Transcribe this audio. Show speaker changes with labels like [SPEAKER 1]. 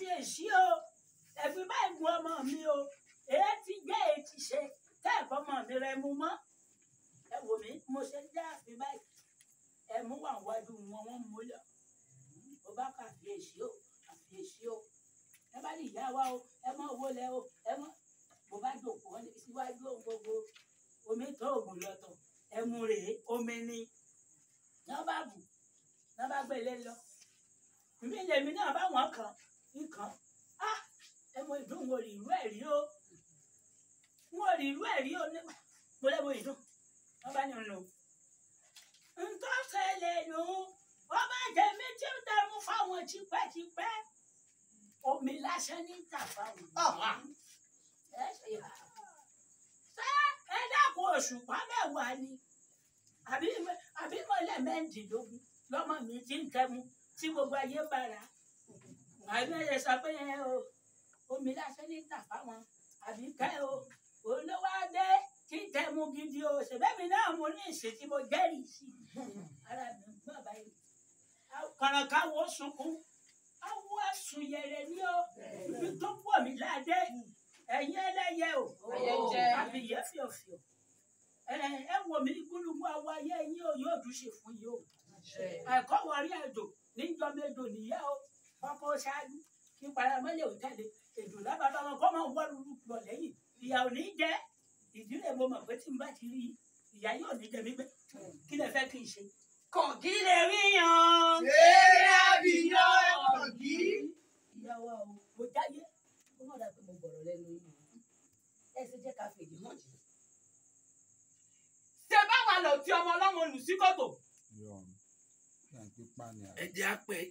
[SPEAKER 1] ṣàṣeyèsí o ẹ̀fín báyìí gun ọmọ mi o èyí ti jẹ́ èyí ti ṣe tẹ́ẹ̀kọ́ ọmọ mi rẹ mu mọ́ ẹ wò mí mo ṣe ń dá àfin báyìí ẹ mú wà wájú wọn wọn mú lọ ó bá kà fiyèsí o àfiyèsí o ẹ bá lè yá wa o ẹ mọ owó lẹ o ẹ mọ mo bá jòkó wọn níbi síwájú ohun gbogbo omi tó oògùn lọ́tọ̀ ẹmu rèé omi ni nọ́ọ̀bà bù nọ́ọ̀bà gbélé lọ ìmí lèmi náà bá wọn kàn nǹkan á ah! ẹ mọ ìdún wọn rí irú ẹ̀ rí o wọn rí irú ẹ̀ rí o nípa mo lẹ́wọ̀ ìdún wọn bá ní ọ̀nà o. nǹkan ṣẹlẹ̀ nù wọ́n bá jẹ méjì dẹ̀mú fáwọn tipẹ́tipẹ́ omi lásán ní ìta fáwọn. ẹ ṣe yà ṣé ẹ dákun òṣùpá mẹ́wàá ni àbí mọ́lẹ̀ mẹ́ǹdínlógún lọ́mọ mi ti ń tẹ́mu tí gbogbo ayé bára àìmọye sọ pé ẹ o omi lásán ní tà fáwọn àbí kẹ́ o olówó adé tí tẹ mu gidi o ṣèbẹ́mi náà mo ní ìsìn tí mo jẹ́rìí sí ara mi ń gbọ́n báyìí kàràkàwọ̀ sunkún awo ẹ̀sùn yẹrẹ ni o ibi tó pọ̀ mí láàdé ẹ̀yin ẹlẹ́yẹ o àbíyẹ fìọ̀fìọ̀ ẹ wò mí gbólógbó awo ayé yín o yóò dùn fún yín o ẹ̀kọ́ wọ̀rí ẹ̀dùn níjọ́ mẹ́dùn nìyá o ọkọ ṣáájú kí paramẹ́lẹ̀ ò tẹ̀lé èdò lábàbà wọn kọ́ máa wọ́ lulú lọ lẹ́yìn ìyá ò ní jẹ́ ìdílé mo mọ̀ pé tí n bá ti rí ìyá yóò ní jẹ mí gbé kí lẹ fẹ́ kí n ṣe. kọ̀ǹkì lè rí yan. eré abiyán kọ̀ǹkì. ìyá wa o mo jáyé ó mọ̀ dáa mo gbọ̀rọ̀ lẹ́nu yìí ẹ ṣe jẹ́ ká fèdè hàn jù. ṣé báwa lọ ti ọmọ ọlọ́mọ olùsíkòtò. ẹ jẹ́ apẹ́